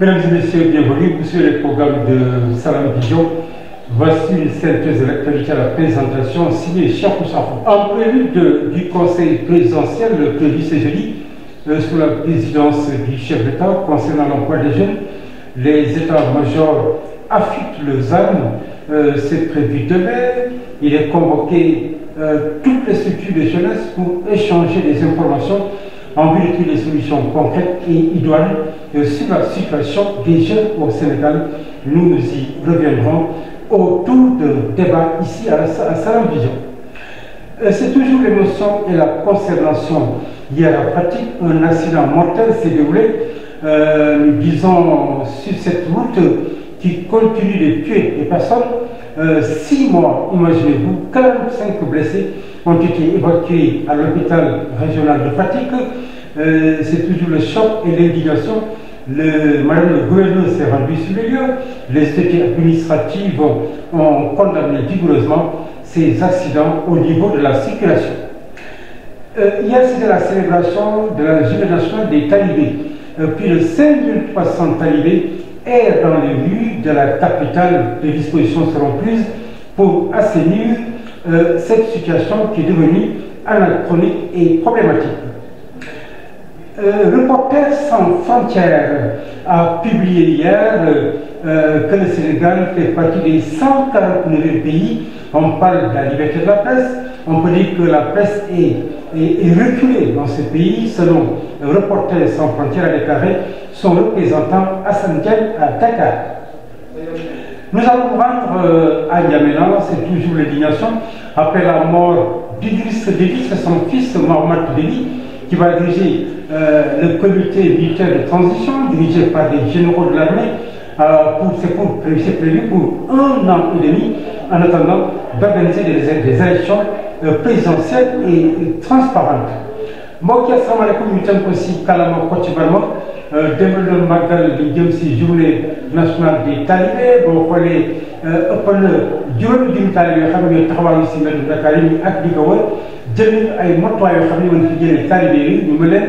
Mesdames et messieurs, bienvenue. Vous suivez le programme de Salam Vision. Voici une synthèse de l'actualité à la présentation signée Chapeau En prélude du Conseil présidentiel prévu ce euh, sous la présidence du chef d'État concernant l'emploi des jeunes, les États-majors affûtent le ZAN. Euh, C'est prévu demain. Il est convoqué euh, toutes les de jeunesse pour échanger des informations envisager des solutions concrètes et idoines euh, sur la situation des jeunes au Sénégal. Nous nous y reviendrons autour de débats ici à la Salam euh, C'est toujours l'émotion et la consternation liées à la pratique. Un accident mortel s'est déroulé, euh, disons, sur cette route qui continue de tuer des personnes. Euh, six morts, imaginez-vous, 45 blessés ont été évacués à l'hôpital régional de Fatick euh, c'est toujours le choc et l'indignation le madame le gouverneur s'est rendue sur les lieux les autorités administratives ont condamné vigoureusement ces accidents au niveau de la circulation euh, hier c'était la célébration de la journée nationale des talibés euh, plus de 5300 talibés errent dans les rues de la capitale des dispositions seront prises pour assainir euh, cette situation qui est devenue anachronique et problématique. Euh, Reporters sans frontières a publié hier euh, euh, que le Sénégal fait partie des 149 pays. On parle de la liberté de la presse. On peut dire que la presse est, est, dans ce pays, selon Reporters sans frontières a déclaré son représentant Hassan Diagne à Dakar. Nous allons rendre euh, à N'Djamena, c'est toujours l'indignation, après la mort d'Idriss Déby, c'est son fils Mohamed Déby qui va diriger euh, le de transition dirigé par les généraux de l'armée. Euh, c'est pour, prévu pour un an et demi en attendant d'organiser des, des, élections euh, présidentielles et transparentes. mbokk yi asalaamaaleykum ñu tënk ko si kàllaama Kocc Barma Euh, démb la màggal di jëm si journée nationale bi talibé boo xoolee euh, ëpp na xam ne taxawaayu si mbedd Dakar yi ak di ko wër jël ay matuwaay yoo xam ne woon fi jëlee talibé yi ñu mën leen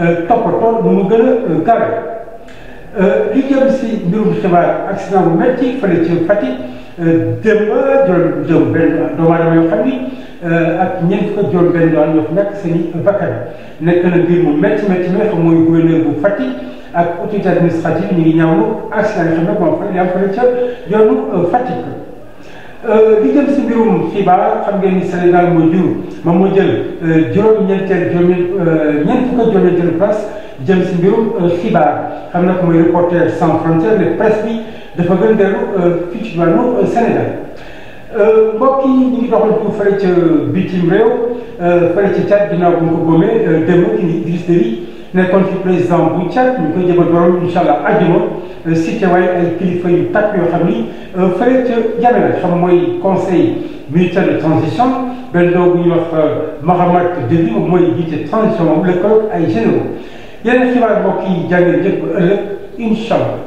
euh, toppatoo mu gën a gawe li jëm si mbirum xibaar accident bu métti fële ci Fatick démb juróom-benn doomu aadama yoo xam ni. Euh, ak ñeent fukk ak juróom benn yoon ñoo fi nekk i vacances nekk na mbir mu métti métti mi nga bu Fatick ak autorité administrative ñu ngi ñaawlu accident yi nga xam ne moom fële yaa fële ca yoonu euh, Fatick. Euh, li jëm si mbirum xibaar xam ngeen ni Sénégal jur moom moo jël juróom-ñeenteel juróomi ñeent fukk ak juróom-ñeenteel place jëm si mbirum xibaar xam na ko mooy reporter sans frontière mais dafa Euh, mbokk yi ñu ngi doxantu fële ca bitim réew euh, fële ca Tchad ko gomee euh, dem ki ngi Idriss Déby nekkoon fi président bu Tchad ñu koy jëbal si teewaay ay kilifa yu tàkk yoo xam ni fële ca Djamena xam mooy conseil militaire de transition benn doo bu ñuy wax Mahamat Déby moom mooy jiite transition moom lëkkaloog ay généraux yeneen xibaar mbokk yi jàngeen jëpp ëllëg incha allah